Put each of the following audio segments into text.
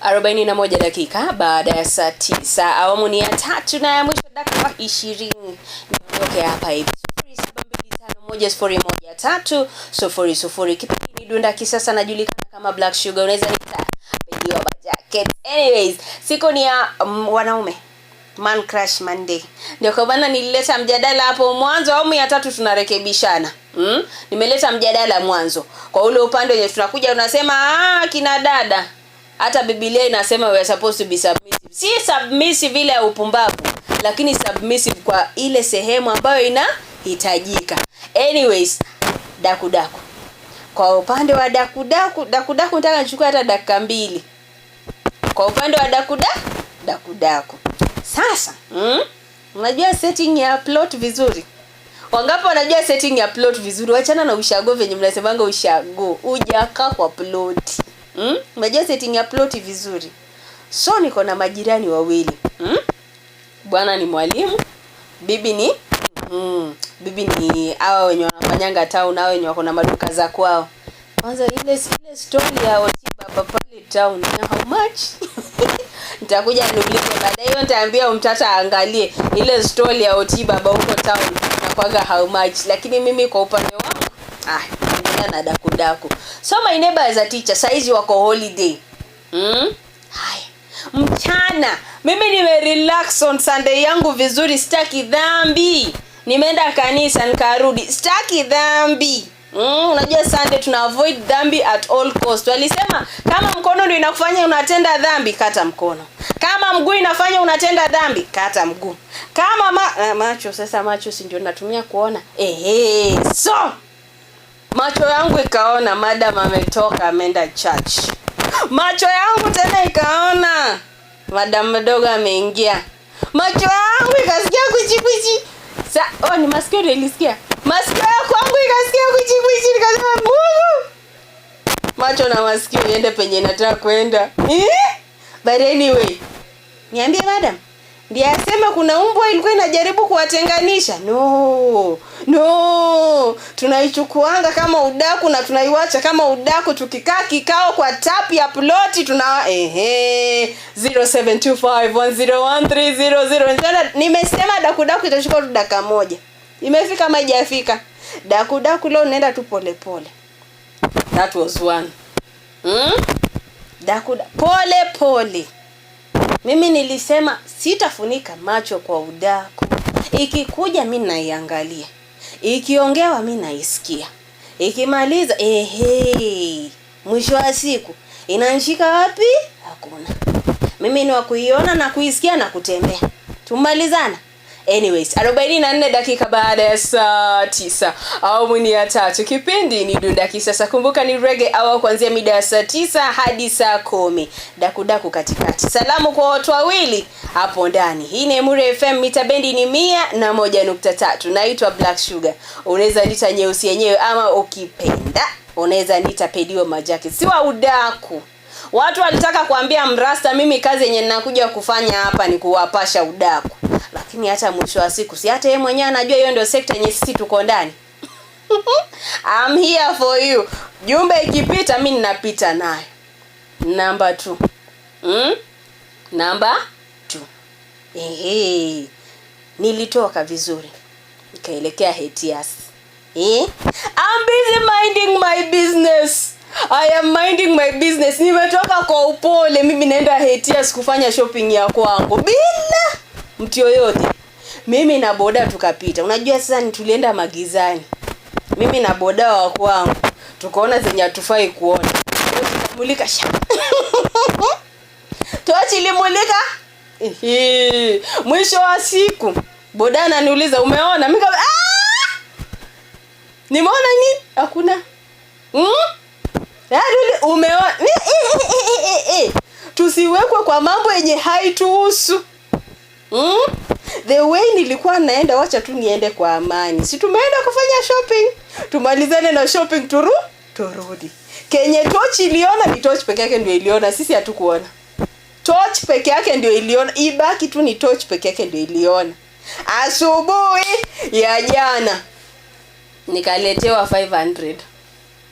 arobaini na moja dakika baada ya saa tisa awamu ni ya tatu na ya mwisho dakika ishirini niondoke hapa hivi sufuri saba mbili tano moja sufuri moja tatu sufuri sufuri kipindi ni dunda kisasa najulikana kama black sugar unaweza nita bejiwa bajaket anyways siku ni ya um, wanaume Man crash Monday. Ndio kwa bana nilileta mjadala hapo mwanzo, awamu ya tatu tunarekebishana. Mm? Nimeleta mjadala mwanzo. Kwa ule upande wenye tunakuja unasema ah, kina dada. Hata Biblia inasema we are supposed to be submissive. Si submissive vile ya upumbavu, lakini submissive kwa ile sehemu ambayo inahitajika. Anyways, dakudaku daku. Kwa upande wa dakudaku dakudaku nataka nichukue hata dakika mbili. Kwa upande wa dakuda dakudaku daku. Sasa mm? Unajua setting ya plot vizuri. Wangapi wanajua setting ya plot vizuri? Wachana na ushago venye mnasemanga ushago. Hujaka kwa plot. Mm? Unajua setting ya plot vizuri. So niko na majirani wawili. Mm? Bwana ni mwalimu, bibi ni mm, bibi ni hawa wenye wanafanyanga town, hawa wenye wako na maduka za kwao. Kwanza ile ile story ya Otiba pale town. How much? nitakuja niulize baadaye. Hiyo nitaambia umtata aangalie ile story ya ot baba huko town nakwaga how much, lakini mimi kwa upande wangu ah, endelea na dakudaku. So my neighbor is a teacher, saizi wako holiday mm? Hai mchana mimi nime relax on Sunday yangu vizuri, sitaki dhambi. Nimeenda kanisa nikarudi, sitaki dhambi. Mm, unajua Sunday tuna avoid dhambi at all cost. Walisema kama mkono ndio inakufanya unatenda dhambi, kata mkono. Kama mguu inafanya unatenda dhambi, kata mguu. Kama ma eh, macho sasa, macho si ndio natumia kuona. Ehe, so macho yangu ikaona madam ametoka ameenda church. Macho yangu tena ikaona madam mdogo ameingia. Macho yangu ikasikia kuchipuchi. Sa, oh, ni masikio nilisikia. Masikio ya kwangu ikasikia kuchibwichi, nikasema Mungu, macho na masikio niende penye nataka kwenda. But anyway, niambie madam, ndiye asema kuna mbwa ilikuwa inajaribu kuwatenganisha. No, no, tunaichukuanga kama udaku na tunaiwacha kama udaku. Tukikaa kikao kwa tap ya ploti tuna ehe, 0725101300 nimesema dakudaku itachukua tu dakika moja imefika ama haijafika? Daku daku leo unaenda tu pole. That was one. Hmm? Daku pole pole. Mimi nilisema sitafunika macho kwa udaku. Ikikuja mi naiangalia, ikiongewa mi naisikia, ikimaliza ehe, mwisho wa siku inanishika wapi? Hakuna. Mimi ni wa kuiona na kuisikia na kutembea. Tumalizana anyways 44 dakika baada ya saa tisa awamu ni ya tatu kipindi ni duda kisasa kumbuka ni rege awa kuanzia mida ya saa tisa hadi saa kumi dakudaku katikati salamu kwa watu wawili hapo ndani hii ni Emure FM mita bendi ni mia na moja nukta tatu naitwa Black Sugar unaweza nita nyeusi yenyewe ama ukipenda unaweza nita pediwa majaki siwa udaku watu walitaka kuambia mrasta mimi kazi yenye nakuja kufanya hapa ni kuwapasha udaku lakini hata mwisho wa siku si hata yeye mwenyewe anajua hiyo ndio sekta yenye sisi tuko ndani. I'm here for you. Jumbe ikipita mi ninapita naye. Namba 2. Mm? Namba 2. Ehe. Nilitoka vizuri. Nikaelekea Hetias. Eh? I'm busy minding my business. I am minding my business. Nimetoka kwa upole mimi naenda Hetias kufanya shopping ya kwangu bila mtu yoyote. Mimi na boda tukapita, unajua sasa ni tulienda magizani, mimi na boda wa kwangu tukaona zenye hatufai kuona, sha tochi ilimulika. Mwisho wa siku boda ananiuliza umeona? mika... Ah! nimeona ni Hakuna hmm? yaani Umeona? Tusiwekwe kwa mambo yenye haituhusu. Mm? The way nilikuwa naenda, wacha tu niende kwa amani. Si tumeenda kufanya shopping, tumalizane na shopping turu turudi. Kenye torch iliona ni torch peke yake ndio iliona, sisi hatukuona. Torch peke yake ndio iliona, ibaki tu ni torch peke yake ndio iliona. Asubuhi ya jana nikaletewa 500.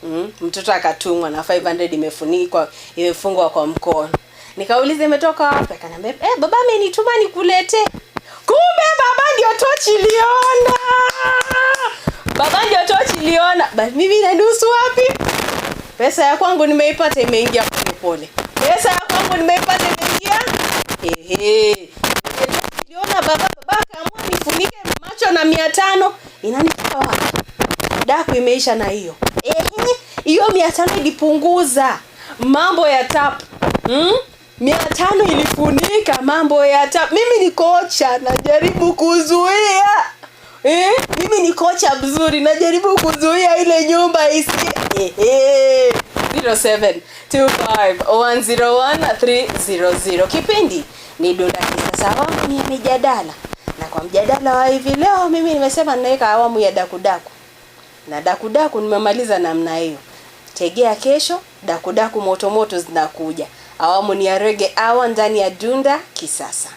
Mm? Mtoto akatumwa na 500 imefunikwa imefungwa kwa mkono. Nikauliza imetoka wapi? Akaniambia eh, baba amenituma nikuletee. Kumbe baba ndio tochi iliona. Baba ndio tochi iliona. Basi mimi na nusu wapi? Pesa ya kwangu nimeipata imeingia pole pole. Pesa ya kwangu nimeipata imeingia. Ehe. Niliona baba baba kaamua nifunike macho na 500 inanipa wapi? Daku imeisha na hiyo. Ehe. Hiyo 500 ilipunguza mambo ya tap. Hmm? mia tano ilifunika mambo ya ta. Mimi ni kocha, najaribu kuzuia eh, mimi ni kocha mzuri, najaribu kuzuia ile nyumba isi eh, eh. 0725101300 kipindi ni Dunda Kisawamu ya mijadala, na kwa mjadala wa hivi leo mimi nimesema ninaweka awamu ya dakudaku na dakudaku nimemaliza namna hiyo. Tegea kesho, dakudaku motomoto zinakuja. Awamu ni ya rege awa ndani ya Dunda Kisasa.